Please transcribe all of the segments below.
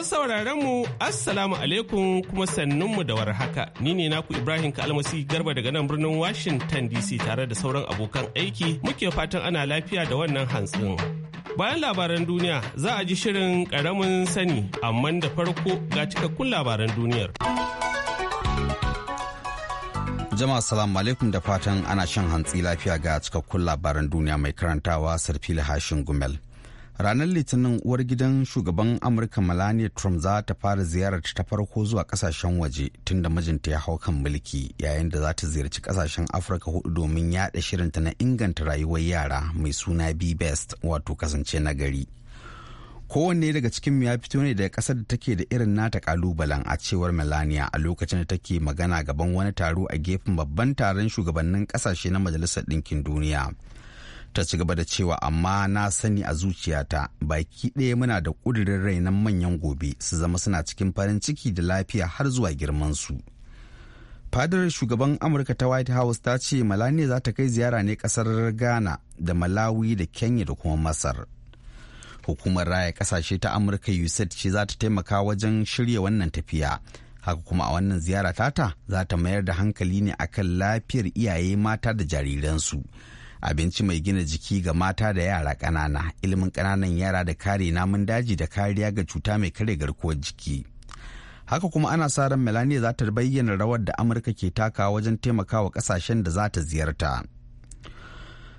Masu sauraron mu Assalamu alaikum kuma sannunmu da warhaka. Ni ne naku Ibrahim Kalmasi Garba daga nan birnin Washington DC tare da sauran abokan aiki muke fatan ana lafiya da wannan hantsin. Bayan labaran duniya za a ji shirin karamin sani amma da farko ga cikakkun labaran duniyar. Jama'a salamu alaikum da fatan ana shan hantsi lafiya ga cikakkun labaran duniya mai karantawa Sarfili Hashin Gumel. ranar litinin uwar gidan shugaban amurka melania trump za ta fara ziyarar ta farko zuwa kasashen waje tun da mijinta ya hau kan mulki yayin da za ta ziyarci kasashen afirka hudu domin yada shirinta na inganta rayuwar yara mai suna b best wato kasance nagari. kowanne daga cikin ya fito ne daga kasar da take da irin nata kalubalen a cewar melania a lokacin da take magana gaban wani taro a gefen babban taron shugabannin kasashe na majalisar ɗinkin duniya ta ci gaba da cewa amma na sani a zuciyata baki ɗaya muna da ƙudurin rainan manyan gobe su zama suna cikin farin ciki da lafiya har zuwa girmansu fadar shugaban amurka ta white house ta ce malani za ta kai ziyara ne kasar ghana da malawi da kenya da kuma masar hukumar raya kasashe ta amurka usaid ce za ta taimaka wajen shirya wannan tafiya haka kuma a wannan ziyara tata za ta mayar da hankali ne akan lafiyar iyaye mata da jariransu abinci mai gina jiki ga mata da yara ƙanana ilimin ƙananan yara da kare namun daji da kariya ga cuta mai kare garkuwar jiki haka kuma ana sa ran melania za ta bayyana rawar da amurka ke taka wajen taimakawa ƙasashen da za ta ziyarta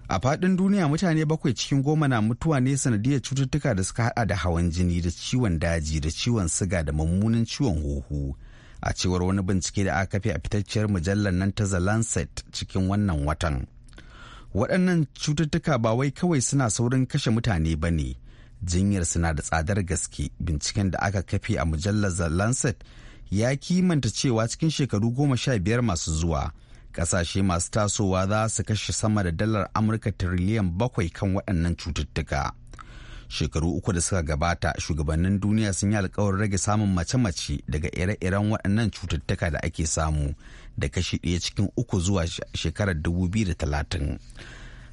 a faɗin duniya mutane bakwai cikin goma na mutuwa ne sanadiyar cututtuka da suka hada da hawan jini da ciwon daji da ciwon siga da mummunan ciwon huhu a cewar wani bincike da aka kafe a fitacciyar mujallar nan ta the lancet cikin wannan watan waɗannan cututtuka ba wai kawai suna saurin kashe mutane ba ne jinyar suna da tsadar gaske binciken da aka kafe a mujallar the lancet ya kimanta cewa cikin shekaru goma sha biyar masu zuwa ƙasashe masu tasowa za su kashe sama da dalar amurka tiriliyan bakwai kan waɗannan cututtuka shekaru uku da suka gabata shugabannin duniya sun yi alkawarin rage samun mace-mace daga ire-iren waɗannan cututtuka da ake samu da kashi ɗaya cikin uku zuwa shekarar 2030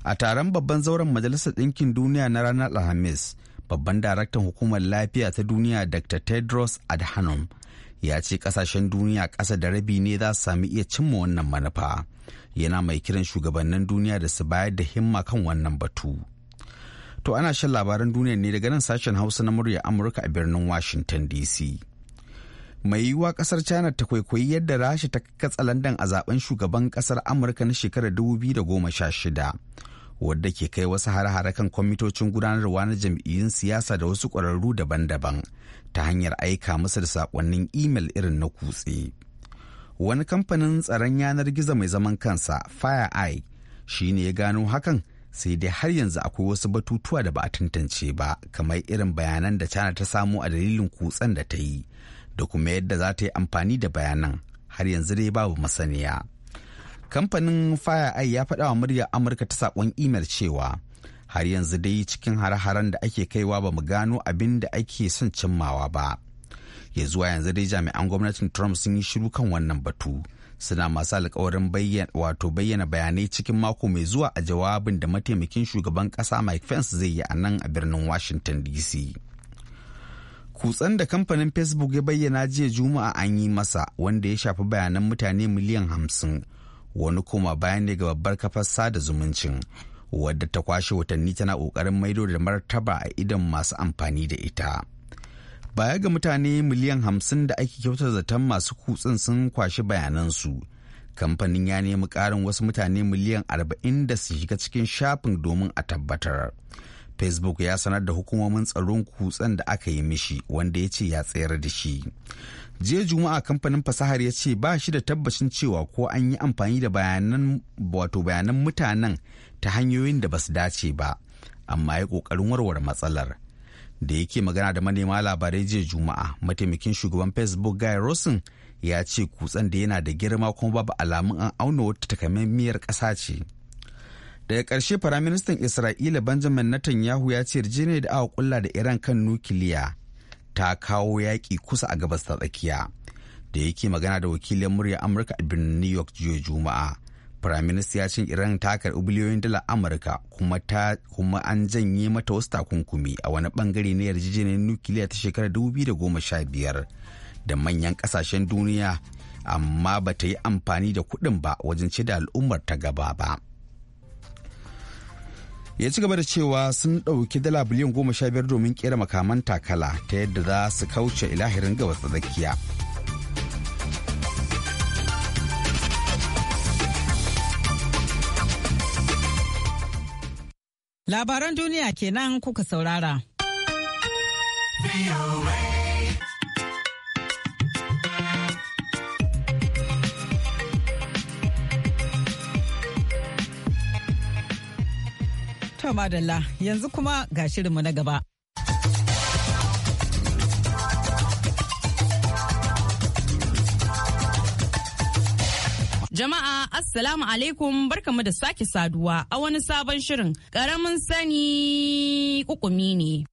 a taron babban zauren majalisar ɗinkin duniya na ranar alhamis babban daraktan hukumar lafiya ta duniya dr tedros adhanom ya ce kasashen duniya ƙasa da rabi ne za su sami iya cimma wannan manufa yana mai kiran shugabannin duniya da su bayar da himma kan wannan batu. To ana shan labaran duniya ne daga nan sashen Hausa na murya Amurka a birnin Washington DC. Mai yiwuwa kasar China ta kwaikwayi yadda Rasha ta katsa landan a zaben shugaban kasar Amurka na shekarar 2016. Wadda ke kai wasu hare-hare kan kwamitocin gudanarwa na jam'iyyun siyasa da wasu ƙwararru daban-daban ta hanyar aika musu da sakonnin imel irin na kutse. Wani kamfanin tsaron yanar gizo mai zaman kansa FireEye shi ne ya gano hakan sai dai har yanzu akwai wasu batutuwa da ba a tantance ba kamar irin bayanan da china ta samu a dalilin kutsen da ta yi da kuma yadda za ta yi amfani da bayanan har yanzu dai babu masaniya kamfanin fireeye ya faɗa wa muryar amurka ta saƙon imel cewa har yanzu dai cikin har-haren da ake kaiwa ba mu gano abin da ake son cimmawa ba ya zuwa yanzu dai jami'an gwamnatin trump sun yi shiru kan wannan batu suna masu alkawarin wato bayyana bayanai cikin mako mai zuwa a jawabin da mataimakin shugaban kasa mike pence zai yi a nan a birnin washington dc kutsan da kamfanin facebook ya bayyana jiya juma'a an yi masa wanda ya shafi bayanan mutane miliyan hamsin wani kuma bayan ne ga babbar kafar sada zumuncin wadda ta kwashe watanni tana kokarin maido da martaba a idon masu amfani da ita. baya ga mutane miliyan hamsin da ake kyautar zaton masu kutsin sun kwashi bayanansu kamfanin ya nemi ƙarin wasu mutane miliyan arba'in da su shiga cikin shafin domin a tabbatar facebook ya sanar da hukumomin tsaron kutsen da aka yi mishi wanda ya ce ya tsayar da shi jiya juma'a kamfanin fasahar ya ce ba shi da tabbacin cewa ko an yi amfani da bayanan wato bayanan mutanen ta hanyoyin da ba su dace ba amma ya ƙoƙarin warware matsalar da yake magana da manema labarai jiya juma'a mataimakin shugaban facebook guy rosen ya ce kutsen da yana da girma kuma babu alamun an auna wata takamaimiyar ƙasa ce daga ƙarshe firaministan isra'ila benjamin netanyahu ya ce ne da aka kulla da iran kan nukiliya ta kawo yaƙi kusa a gabas ta tsakiya da yake magana da wakilin murya amurka a birnin new york jiya juma'a firaminista ya ce iran ta karɓi biliyoyin dala amurka kuma an janye mata wasu takunkumi a wani bangare na yarjejeniyar nukiliya ta shekarar 2015 da manyan kasashen duniya amma ba ta yi amfani da kuɗin ba wajen ce da al'ummar ta gaba ba ya ci gaba da cewa sun ɗauki dala biliyan goma sha biyar domin kera makaman takala ta yadda za su kauce ilahirin gabas da tsakiya Labaran duniya kenan kuka saurara. tomadala yanzu kuma ga shirinmu na gaba. assalamu alaikum barkamu da sake saduwa a wani sabon shirin karamin sani kukumi ne.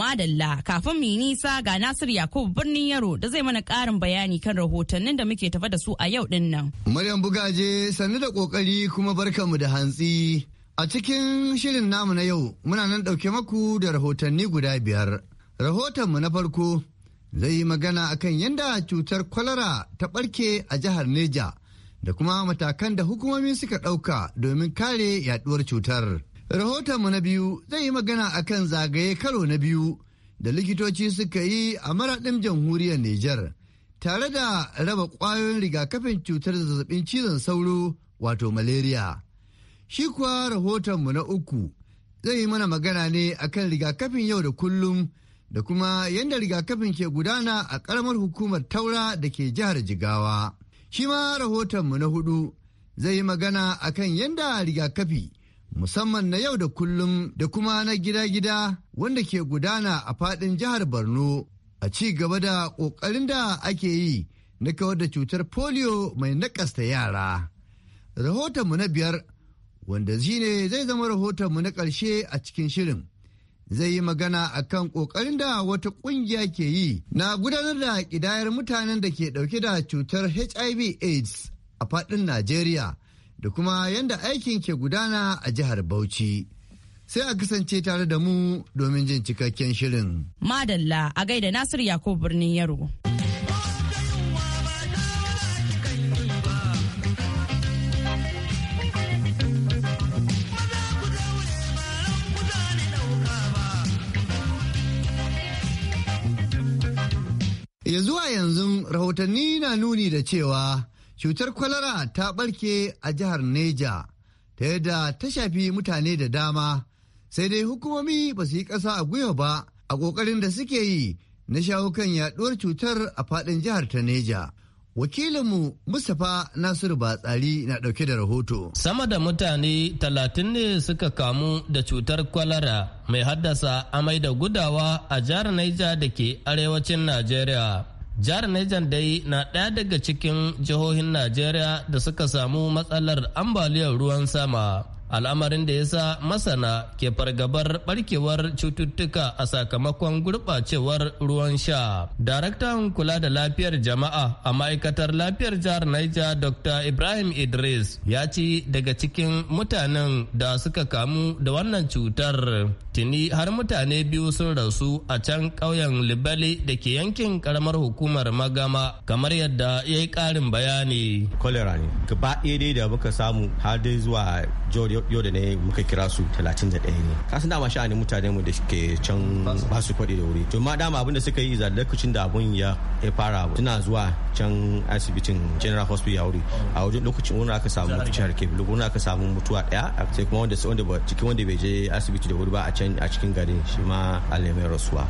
madalla kafin mu yi nisa ga Nasir yakub birnin Yaro da zai mana karin bayani kan rahotannin da muke tafa da su a yau din nan. Maryam Bugaje sannu da kokari kuma mu da hantsi. A cikin shirin namu na yau muna nan ɗauke maku da rahotanni guda biyar. Rahotonmu na farko zai yi magana akan yadda cutar kwalara ta ɓarke a jihar Neja da kuma matakan da hukumomi suka ɗauka domin kare yaduwar cutar. Rahotonmu na biyu zai yi magana a kan zagaye karo na biyu da likitoci suka yi a maraɗin jamhuriyar Nijar tare da raba ƙwayoyin rigakafin cutar zazzabin cizon sauro wato malaria. Shi kuwa rahotonmu na uku zai yi mana magana ne a kan rigakafin yau da kullum da kuma yadda rigakafin ke gudana a ƙaramar hukumar taura da ke jihar Jigawa. Shi ma rahotonmu na hudu zai yi magana a kan yadda rigakafi. musamman na yau da kullum da kuma na gida-gida wanda ke gudana a faɗin jihar Borno a ci gaba da ƙoƙarin da ake yi na kawar da cutar polio mai nakasta yara. Rahotonmu na biyar wanda zine zai zama rahotonmu na ƙarshe a cikin shirin. zai yi magana a kan ƙoƙarin da wata ƙungiya ke yi na gudanar da ƙidayar mutanen da ke ɗauke da cutar hiv aids a faɗin najeriya da kuma yadda aikin ke gudana a jihar Bauchi. Sai a kasance tare da mu domin jin cikakken shirin. Madalla a gaida Nasir Yakubu birnin Yaro. Ya zuwa yanzu rahotanni na nuni da cewa Cutar kwalara ta ɓarke a jihar Neja, ta yadda ta shafi mutane da dama, sai dai hukumomi ba su yi ƙasa a gwiwa ba a ƙoƙarin da suke yi na shawo kan yaɗuwar cutar a faɗin jihar ta Neja. Wakilinmu Mustapha Nasiru Batsari na ɗauke da rahoto. Sama da mutane talatin ne suka kamu da cutar kwalara mai haddasa amai da gudawa a jihar Naija da ke arewacin Najeriya. Jihar Niger dai na ɗaya daga cikin jihohin Najeriya da suka samu matsalar ambaliyar ruwan sama. Al'amarin da ya sa masana ke fargabar barkewar cututtuka a sakamakon gurɓacewar ruwan sha. Daraktan kula da lafiyar jama'a a ma'aikatar lafiyar jihar Niger Dr. Ibrahim Idris ya ci daga cikin mutanen da suka kamu da wannan cutar tuni har mutane biyu sun rasu a can ƙauyen libali da ke yankin karamar hukumar magama kamar yadda ya yi ƙarin bayani Kolera ne gaba ɗaya dai da muka samu har dai zuwa yau da ne muka kira su 31 ne kasu dama sha'anin mutane mu da ke can ba su kwaɗe da wuri to ma dama abin da suka yi za lokacin da abun ya fara tuna zuwa can asibitin general hospital ya wuri a wajen lokacin wani aka samu mutuwar kebi lokacin aka samu mutuwa ɗaya sai kuma wanda cikin wanda bai je asibiti da wuri ba a can a cikin gari shi ma alemai rasuwa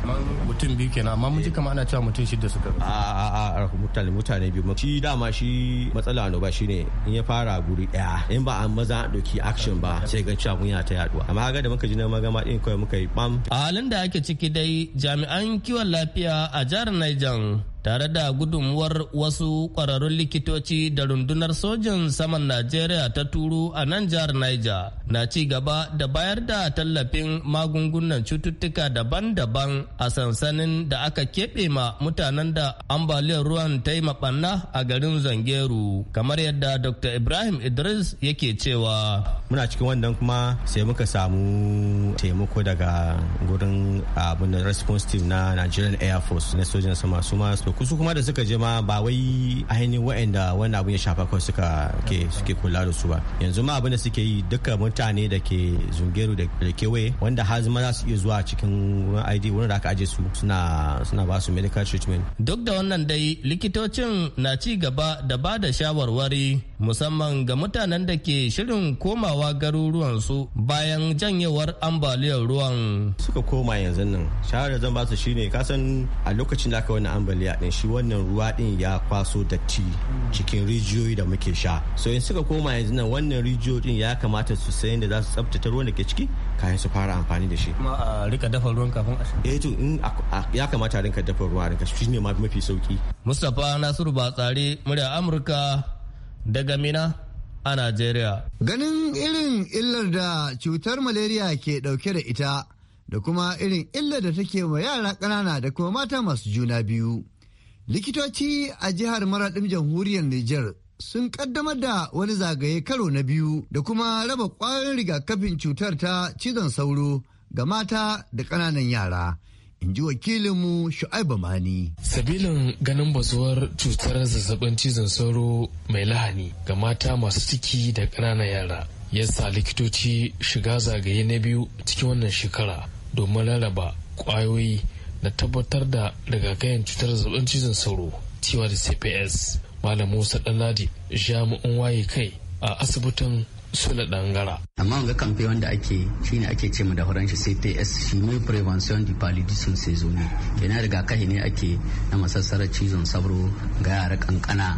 mutum biyu kenan amma mun ji kamar ana cewa mutum shida suka rasu a a mutane mutane biyu shi dama shi matsala shi ne in ya fara guri daya in ba a maza ɗauki action ba sai ga cewa munya ta yaduwa amma ga da muka ji na magama in kawai muka yi bam a halin da ake ciki dai jami'an kiwon lafiya a jihar Niger tare da gudunmuwar wasu kwararrun likitoci da rundunar sojin saman Najeriya ta turu a nan jihar Niger na ci gaba da bayar da tallafin magungunan cututtuka daban-daban a sansanin da aka keɓe ma mutanen da ambaliyar ruwan ta yi a garin Zangeru kamar yadda Dr. Ibrahim Idris yake cewa. Muna cikin wannan kuma sai muka samu taimako daga gurin abin response team na Nigerian Air Force na sojin sama su to kusu kuma da suka je ma ba wai ainihin waɗanda wannan abin ya shafa kawai suka ke kula da su ba yanzu ma abin da suke yi duka mutane da ke zungeru da kewaye wanda har zama za su iya zuwa cikin ID wurin da aka aje su suna suna ba su medical treatment duk da wannan dai likitocin na ci gaba da ba da shawarwari musamman ga mutanen da ke shirin komawa garuruwan su bayan janyewar ambaliyar ruwan suka koma yanzu nan shawarar zan ba su shine kasan a lokacin da aka wani ambaliya din shi wannan ruwa din ya kwaso datti cikin rijiyoyi da muke sha so in suka koma yanzu nan wannan rijiyo din ya kamata su sayan da za su tsabtace ruwan da ke ciki kayan su fara amfani da shi kuma a rika dafa ruwan kafin a sha eh to in ya kamata a rinka dafa ruwa rinka shi ne mafi sauki Mustapha Nasiru Batsari murya Amurka daga Mina a Najeriya ganin irin illar da cutar malaria ke dauke da ita da kuma irin illar da take wa yara ƙanana da kuma mata masu juna biyu Likitoci a jihar Maraɗin jamhuriyar Nijar sun kaddamar da wani zagaye karo na biyu da kuma raba ƙwayoyin rigakafin cutar ta cizon sauro ga mata da ƙananan yara. in ji wakilinmu shu'aibu mani. sabilin ganin bazuwar cutar zazzabin cizon sauro mai lahani ga mata masu ciki da ƙananan yara ya sa likitoci shiga zagaye na biyu cikin wannan shekara domin rarraba ƙwayoyi na tabbatar da rigakafin cutar zazzabin cizon sauro cewa da cps malam musa ɗanladi jami'in waye kai a asibitin sula dangara. amma wanga kamfe wanda ake shine ake ce mu da shi cts shi mai prevention de paludism seasonal kenan rigakafi ne ake na masassarar cizon sauro ga yara kankana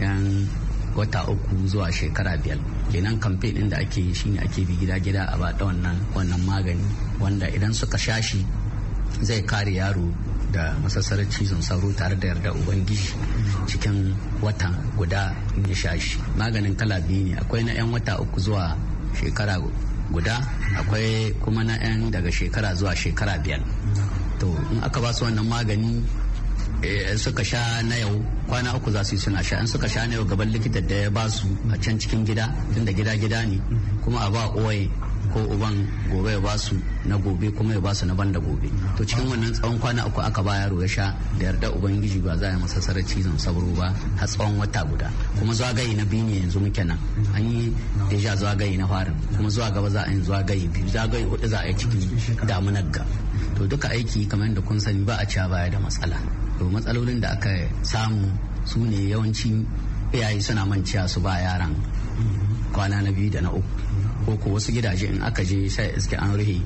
yan wata uku zuwa shekara biyar kenan kamfe din da ake yi shine ake bi gida gida a bada wannan wannan magani wanda idan suka sha shi zai kare yaro da masassarar cizon sauro tare da yarda ubangiji cikin wata guda ya sha maganin kala biyu ne akwai na 'yan wata uku zuwa shekara guda akwai kuma na 'yan daga shekara zuwa shekara biyar to in aka ba su wannan magani eh, in suka sha na yau kwana uku za su yi suna sha in suka sha na yau gaban likita da ya ba su a can cikin gida tunda gida gida ne kuma a ba oye ko uban gobe ya basu na gobe kuma ya basu na banda gobe to cikin wannan tsawon kwana uku aka ba yaro ya sha da yarda ubangiji ba za a yi masa sarar cizon sauro ba har tsawon wata guda kuma zagaye na biyu ne yanzu muke nan an yi deja zagaye na farin kuma zuwa gaba za a yi zagaye biyu zagaye hudu za a yi cikin damunar ga to duka aiki kamar yadda kun sani ba a ci baya da matsala to matsalolin da aka samu su ne yawanci iyaye suna manciya su ba yaran kwana na biyu da na uku ko ko wasu gidaje in aka je sai iske an rufe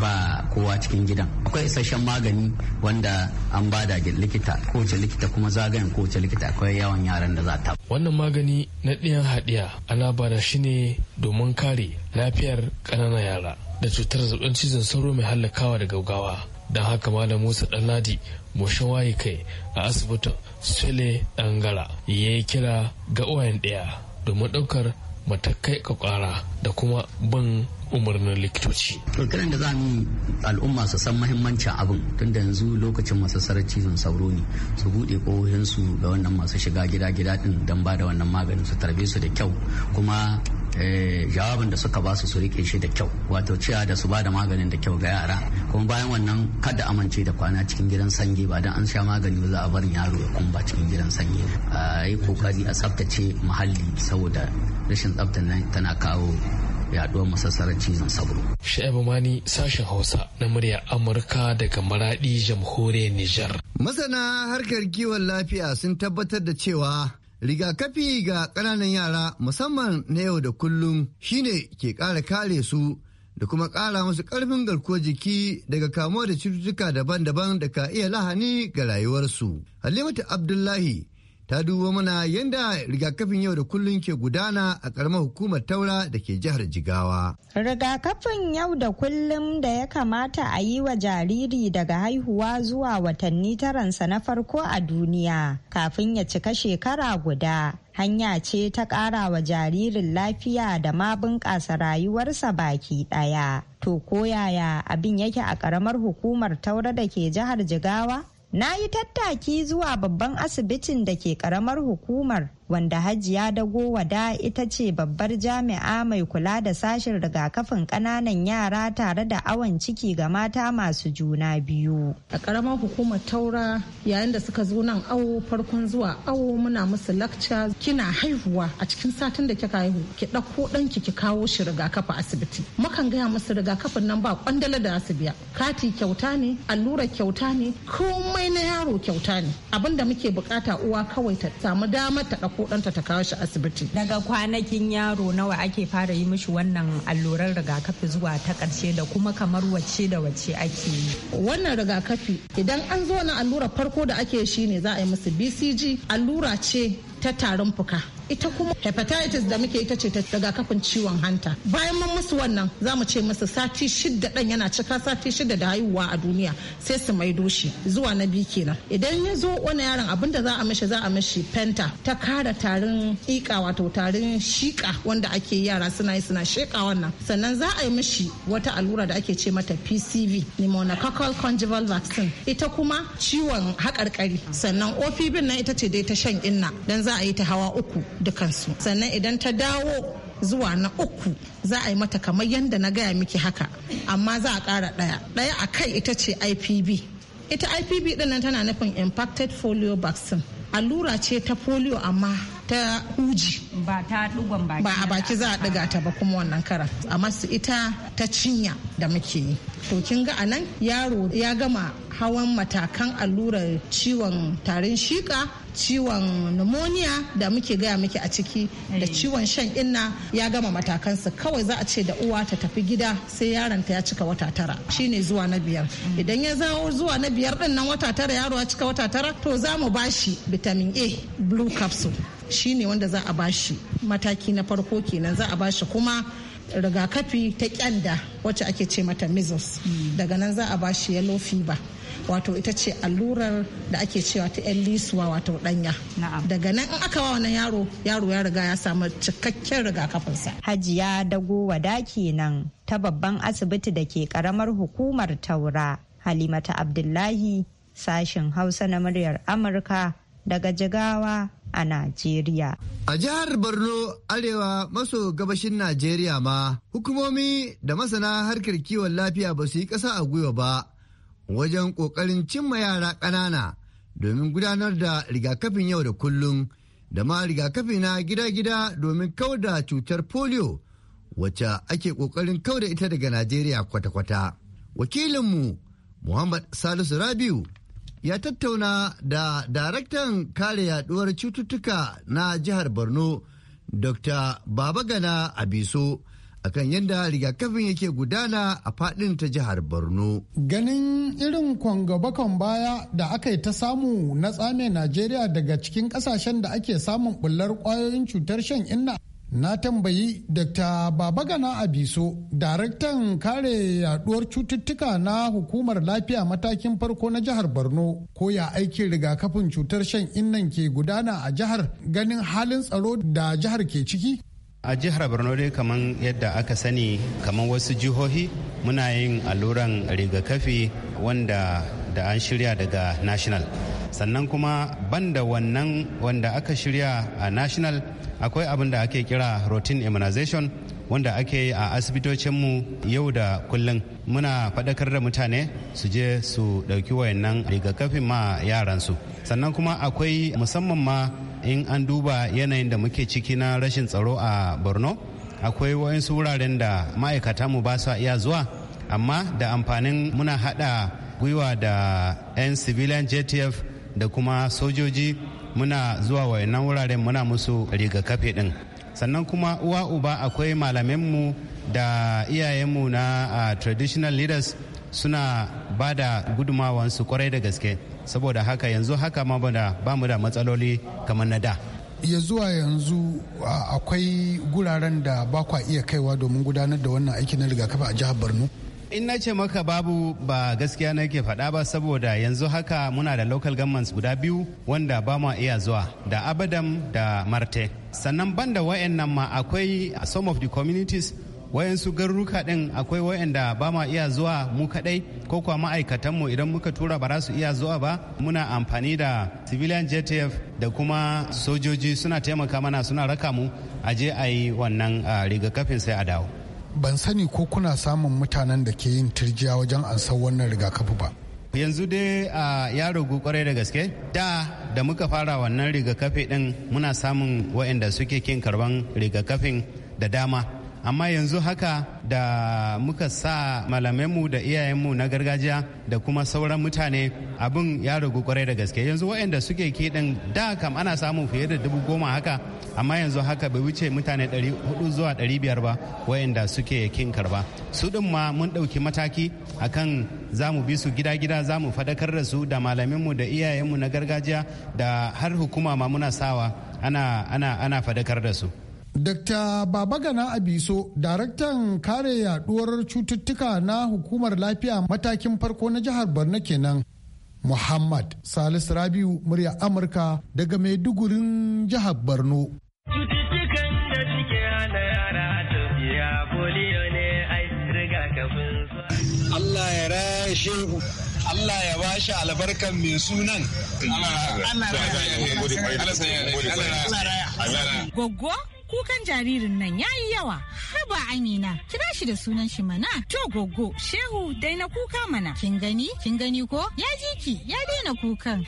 ba kowa cikin gidan akwai isasshen magani wanda an ba da likita Ko kowace likita kuma zagayen kowace likita akwai yawan yaran da za ta wannan magani na ɗiyan haɗiya ana bada shi ne domin kare lafiyar ƙananan yara da cutar zazzabin cizon sauro mai hallakawa da gaugawa don haka malam musa ɗanladi moshe waye kai a asibitin sule ɗangara ya kira ga uwayen ɗaya domin ɗaukar matakai kwakwara da kuma bin umarnin likitoci. To kiran da za mu al'umma su san mahimmancin abin tun da yanzu lokacin masasarar cizon sauro ne su buɗe kohohinsu da wannan masu shiga gida-gida din don ba da wannan maganin su tarbe su da kyau kuma eh, jawabin da suka ba su su rike shi da kyau wato cewa da su ba da maganin da kyau ga yara kuma bayan wannan kada amince da kwana cikin gidan sange ba don an sha magani ba za a bar yaro ya kumba cikin gidan sange. a yi kokari a tsaftace muhalli saboda rashin tsaftar nan tana kawo yaduwar masassarar cizon sauro. Sha'ibu Mani sashen Hausa na muryar Amurka daga Maradi jamhuriyar Nijar. Masana harkar kiwon lafiya sun tabbatar da cewa rigakafi ga ƙananan yara musamman na yau da kullum shine ke ƙara kare su da kuma ƙara musu karfin garkuwar jiki daga kamuwa da cututtuka daban-daban da ka iya lahani ga rayuwarsu. Halimatu Abdullahi ta duba mana yadda rigakafin yau da kullum ke gudana a karamar hukumar taura da ke jihar jigawa. rigakafin yau da kullum da ya kamata a yi wa jariri daga haihuwa zuwa watanni taransa na farko a duniya kafin ya cika shekara guda hanya ce ta ƙara wa jaririn lafiya da ma bunƙasa rayuwarsa baki ɗaya. To koyaya abin yake a ƙaramar hukumar taura da ke jihar Jigawa? na yi tattaki zuwa babban asibitin da ke karamar hukumar wanda hajiya dago wada ita ce babbar jami'a mai kula da sashen rigakafin kananan yara tare da awon ciki ga mata masu juna biyu a karamar hukumar taura yayin da suka zo nan awo farkon zuwa awo muna musu lakca kina haihuwa a cikin satin da kika haihu ki ɗauko ɗanki ki kawo shi rigakafi asibiti mukan gaya musu rigakafin nan ba kwandala da su biya kati kyauta ne allura kyauta ne komai na yaro kyauta ne abinda muke bukata uwa kawai ta samu damar ta ɗauko ko ɗanta ta kawo shi asibiti. Daga kwanakin yaro nawa ake fara yi mishi wannan allurar rigakafi zuwa ta ƙarshe da kuma kamar wacce da wacce ake yi. Wannan rigakafi idan an zo na allurar farko da ake shi ne za a yi musu BCG allura ce ta tarin fuka. ita kuma hepatitis da muke ita ce ta rigakafin ciwon hanta bayan mun musu wannan za mu ce musu sati shida dan yana cika sati shida da haihuwa a duniya sai su mai doshi zuwa na biyu kenan idan ya zo wani yaron abin da za a mishi za a mishi penta ta kara tarin ƙiƙa wato tarin shiƙa wanda ake yara suna yi suna sheƙa wannan sannan za a yi mishi wata allura da ake ce mata pcv pneumococcal conjugal vaccine ita kuma ciwon haƙarƙari sannan opv nan ita ce dai ta shan inna dan za a yi ta hawa uku dukansu sannan idan ta dawo zuwa na uku za a yi mata kamar yadda na gaya miki haka amma za a ƙara ɗaya ɗaya a kai ita ce ipb ita ipb ɗin tana nufin impacted folio vaccine allura ce ta folio amma ta uji ba ta dugon baki ba a baki za a diga ta ba kuma wannan kara amma su ita ta cinya da muke yi to kin ga anan yaro ya gama hawan matakan allurar ciwon tarin shika ciwon pneumonia da muke gaya muke a ciki da eh. ciwon shan inna ya gama matakansa kawai za a ce da uwa ta tafi gida sai yaron ta ya cika wata tara shine zuwa na biyar mm. idan ya zawo zuwa na biyar din nan wata tara yaro ya cika wata tara to za mu bashi vitamin a blue capsule shi ne wanda za a bashi mataki na farko kenan za a bashi kuma rigakafi ta kyanda wacce ake ce mata measles daga nan za a bashi yellow fever wato ita ce allurar da ake cewa ta yan lisuwa wato danya daga nan in aka wa wannan yaro yaro ya riga ya samu cikakken rigakafinsa hajiya dago wada nan ta babban asibiti da ke karamar hukumar taura halimata abdullahi sashen hausa na muryar amurka daga jigawa a Najeriya. A jihar Borno, Arewa maso gabashin Najeriya ma, hukumomi da masana harkar kiwon lafiya ba su yi ƙasa a gwiwa ba wajen ƙoƙarin cimma yara ƙanana domin gudanar da rigakafin yau da kullum da ma rigakafi na gida-gida domin kawar da cutar polio wacce ake ƙoƙarin kawar da ita daga Najeriya kwata-kwata. Wakilinmu Muhammad Salisu Rabiu ya tattauna da daraktan kare yaduwar cututtuka na jihar borno dr babagana abiso akan yadda rigakafin yake gudana a fadin ta jihar borno ganin irin kwangabakan baya da aka yi ta samu na tsame najeriya daga cikin kasashen da ake samun bullar kwayoyin cutar shan inna Na tambayi Dr. Babagana Abiso, daraktan kare yaduwar cututtuka na hukumar lafiya matakin farko na jihar Borno, ko ya aikin rigakafin cutar shan innan ke gudana a jihar ganin halin tsaro da jihar ke ciki? A jihar Borno dai kamar yadda aka sani kamar wasu jihohi muna yin alluran rigakafi wanda da an shirya daga national sannan kuma banda wannan wanda aka shirya a national akwai abin da ake kira routine immunization wanda ake yi a asibitocinmu yau da kullum muna faɗakar da mutane su je su ɗauki wayannan rigakafin ma yaransu sannan kuma akwai musamman ma in an duba yanayin da muke ciki na rashin tsaro a borno akwai wa'insu wuraren da ma'aikata mu ba sa iya zuwa amma da amfanin muna haɗa gwiwa da 'yan civilian jtf da kuma sojoji muna zuwa wayannan wuraren muna musu rigakafi din sannan kuma uwa uba akwai malamanmu da iyayenmu na traditional leaders suna ba da gudumawansu kwarai da gaske saboda haka yanzu haka ma ba mu da matsaloli kamar na da ya zuwa yanzu akwai guraren da ba kwa iya kaiwa domin gudanar da wannan aiki na rigakafi a jihar borno in na ce maka babu ba gaskiya na nake faɗa ba saboda yanzu haka muna da local governments guda biyu wanda ba ma iya zuwa da abadam da marte sannan banda wayannan ma akwai some of the communities wayansu garuruka din akwai wayanda ba ma iya zuwa mu kadai ko kuwa mu idan muka tura ba su iya zuwa ba muna amfani da civilian jtf da kuma sojoji suna taimaka mana suna raka mu a je a yi wannan ah, rigakafin sai a dawo ban sani ko kuna samun mutanen da ke yin turjiya wajen ansar wannan rigakafi ba yanzu dai a ya kwarai da gaske da da muka fara wannan rigakafi din muna samun waɗanda suke kin karban rigakafin da dama amma yanzu haka da muka sa malamanmu da iyayenmu na gargajiya da kuma sauran mutane abin ya ragu kwarai da gaske yanzu wa'anda suke kiɗin da kam ana samun fiye da dubu goma haka amma yanzu haka bai wuce mutane 400 zuwa biyar ba wa'anda suke kin karba su din ma mun ɗauki mataki akan za mu bi su gida-gida za mu fadakar da su da malaminmu da iyayenmu na gargajiya da har hukuma ma muna sawa ana, ana, ana fadakar da su Dr. Babagana Abiso, daraktan kare yaduwar cututtuka na hukumar lafiya matakin farko na jihar Borno kenan. Muhammad Salisu Rabiu murya Amurka daga Maidugurin jihar Borno. Cututtukan da suke hana yara tafiya polio ne mai sunan. Allah ya raya shehu. Allah ya bashi albarkan mai sunan. Allah ya raya. kukan jaririn nan ya yi yawa ha haba Amina, kira shi da sunan shi mana. To gogo, Shehu dai na kuka mana. Kin gani? Kin gani ko? Ya ji ki, ya daina kukan.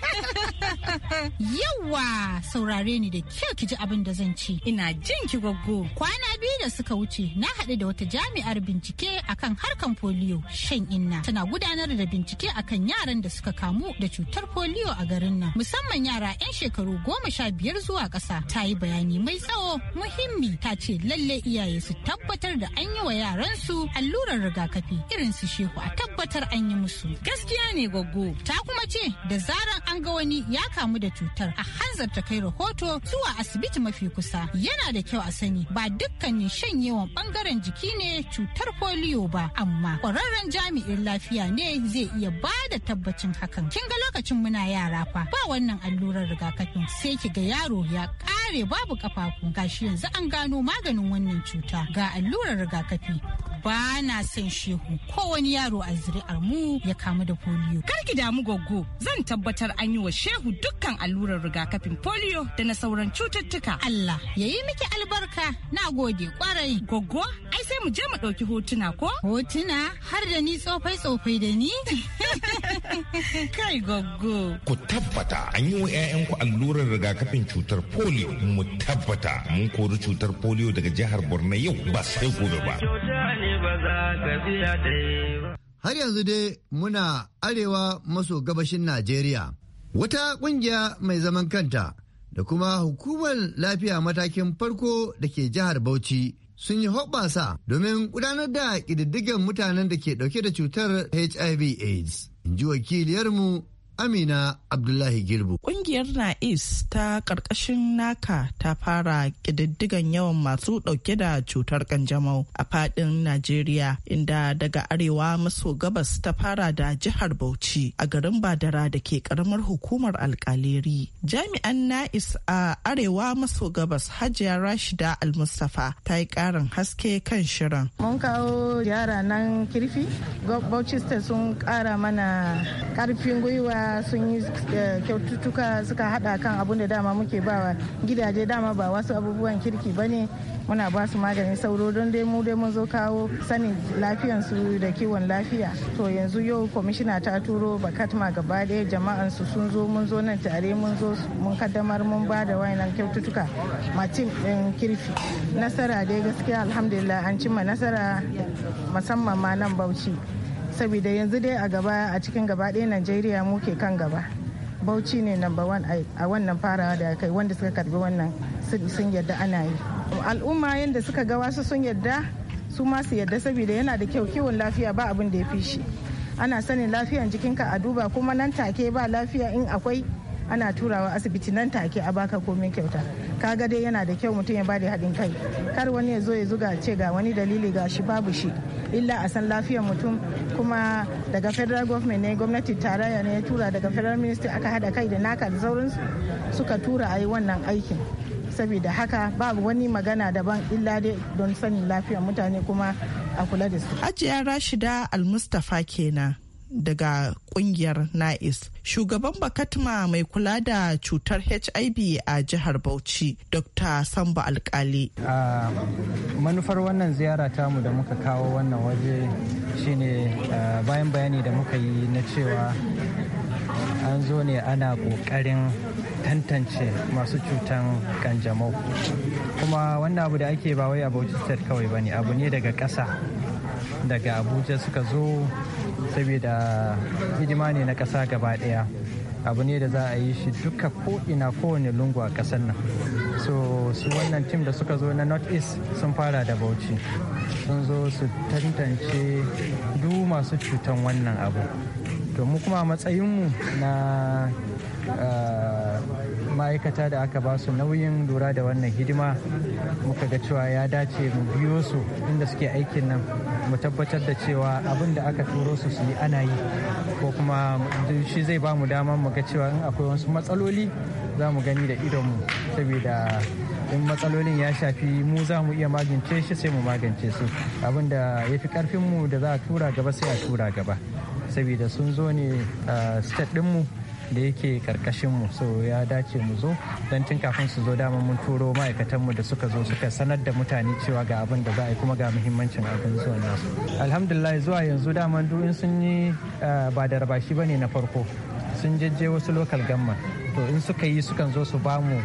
Yawa, saurare ni da kyau ki ji abin da zan ci. Ina jin ki gogo. Kwana biyu da suka wuce, na haɗu da wata jami'ar bincike akan harkan polio shan inna. Tana gudanar da bincike akan yaran da suka kamu da cutar polio a garin nan. Musamman yara 'yan shekaru goma sha biyar zuwa ƙasa. Ta yi bayani mai tsawo muhimmi ta ce lalle iyaye su tabbata tabbatar da an yi wa yaransu allurar rigakafi irin su shehu a tabbatar an yi musu. Gaskiya ne goggo ta kuma ce da zaran an ga wani ya kamu da cutar a hanzarta kai rahoto zuwa asibiti mafi kusa. Yana da kyau a sani ba dukkanin shanyewan bangaren jiki ne cutar foliyo ba amma kwararren jami'in lafiya ne zai iya ba da tabbacin hakan. Kin ga lokacin muna yara fa ba wannan allurar rigakafin sai ki ga yaro ya ne babu kafafu gashi yanzu an gano maganin wannan cuta ga allurar rigakafi ba na son shehu ko wani yaro a zuri'ar mu ya kamu da polio kar ki damu goggo zan tabbatar an yi wa shehu dukkan allurar rigakafin polio da na sauran cututtuka Allah ya yi miki albarka na gode kwarai goggo ai sai mu je mu ɗauki hotuna ko hotuna har da ni tsofai tsofai da ni kai goggo ku tabbata an yi wa 'ya'yanku allurar rigakafin cutar polio mu tabbata mun kori cutar polio daga jihar Borno yau ba sai gobe ba. Har yanzu dai muna arewa maso gabashin Najeriya. Wata ƙungiya mai zaman kanta da kuma hukumar lafiya matakin farko da ke jihar Bauchi sun yi hoɓɓasa domin gudanar da ƙididdigan mutanen da ke ɗauke da cutar HIV AIDS. Inji ji wakiliyarmu Amina Abdullahi Girbu. Ƙungiyar Na'is ta ƙarƙashin naka ta fara ƙididdigan yawan masu ɗauke da cutar ƙanjamau a fadin Najeriya inda daga arewa maso gabas ta fara da jihar Bauchi a garin Badara da ke karamar hukumar Alkaleri. Jami'an Na'is a arewa maso gabas Hajiya Rashida Almustafa ta yi ƙarin haske kan shirin. Mun kawo yara nan kirfi, Bauchi sun ƙara mana ƙarfin gwiwa sun yi eh, kyaututtuka suka hada kan abun da dama muke bawa gidaje dama ba wasu abubuwan kirki ba ne muna ba su maganin sauro don dai mu dai mun zo kawo sanin su da kiwon lafiya to yanzu yau kwamishina ta turo bakatma gaba daya jama'an su sun zo mun zo nan tare mun zo mun kaddamar mun ba da wayanan kyaututtuka tim din kirfi nasara dai gaskiya alhamdulillah an cimma nasara musamman ma nan bauchi saboda yanzu dai a gaba a cikin gaba ɗaya najeriya muke kan gaba bauchi ne number one a wannan farawa da kai wanda suka karbi wannan sun yadda ana yi al'umma yadda suka ga wasu sun yadda su ma su yadda saboda yana da kyau kiwon lafiya ba abin da ya fi shi ana sanin lafiyan jikinka a duba kuma nan take ba lafiya in akwai ana turawa asibiti nan take a baka komai kyauta kaga dai yana da kyau mutum ya bada haɗin kai kar wani ya zo ya zuga ce ga wani dalili ga shi babu shi illa a san lafiyar mutum kuma daga federal government ne gwamnati tarayya ne ya tura daga federal ministry aka haɗa kai da naka da sauransu suka tura a yi wannan aikin saboda haka babu wani magana daban illa dai don sanin lafiyar mutane kuma a kula da su. Ajiya Rashida Almustafa kenan. daga kungiyar na'is shugaban bakatma mai kula da cutar hiv a jihar bauchi dr samba alkali uh, manufar wannan ziyara tamu da muka kawo wannan waje shine uh, bayan bayani da muka yi na cewa an zo ne ana kokarin tantance masu cutan kanjamau kuma wannan abu da ake ba wai a bauchi state kawai bane ne abu ne daga ƙasa daga abuja suka zo saboda hidima ne na ƙasa gaba ɗaya abu ne da za a yi shi duka ko'ina kowane lungu a ƙasar nan so su wannan tim da suka zo na north east sun fara da bauchi sun zo su tantance duk masu cutan wannan abu to mu kuma matsayinmu na eh, ma'aikata da aka ba su nauyin lura da wannan hidima muka ga cewa ya dace mu biyo su inda suke aikin nan mu tabbatar da cewa abin da aka turo su su yi ana yi ko kuma shi zai ba mu dama mu ga cewa in akwai wasu matsaloli za mu gani da idon mu saboda in matsalolin ya shafi mu za mu iya magance shi sai mu magance su abin da ya fi karfin mu da za a tura gaba sai a tura gaba saboda sun zo ne ah, state mu. da yake karkashin mu so ya dace mu zo don tun kafin su zo dama mun turo mu da suka zo suka sanar da mutane cewa ga abin da za a yi kuma ga muhimmancin abin zuwa nasu alhamdulillah zuwa yanzu dama duk in sun yi eh, ba da rabashi ba ne na farko sun jejje wasu lokal gamma to in suka yi sukan zo su bamu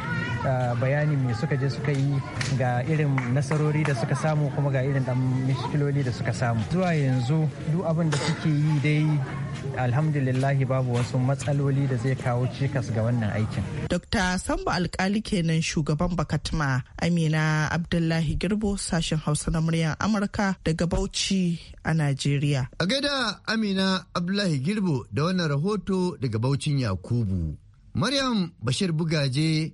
bayani me suka je suka yi ga irin nasarori da suka samu kuma ga irin dan mishkiloli da suka samu zuwa yanzu duk abin da suke yi dai alhamdulillahi babu wasu matsaloli da zai kawo cikas ga wannan aikin. Dokta Sambo Alkali kenan shugaban Bakatma Amina Abdullahi Girbo sashen Hausa na muryar Amurka daga Bauchi a Najeriya. A gaida Amina Abdullahi Girbo da wannan rahoto daga Bauchin Yakubu. Maryam Bashir Bugaje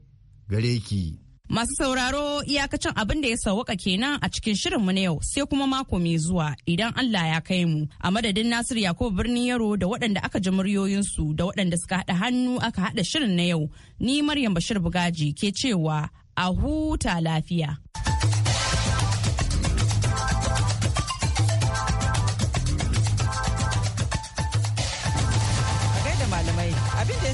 gare ki. Masu sauraro iyakacin abin da ya sauwaka kenan a cikin shirin mu na yau sai kuma mako mai zuwa idan Allah ya kai mu. A madadin Nasir Yakubu birnin Yaro da waɗanda aka ji muryoyinsu da waɗanda suka haɗa hannu aka haɗa shirin na yau. Ni Maryam Bashir Bugaji ke cewa a huta lafiya.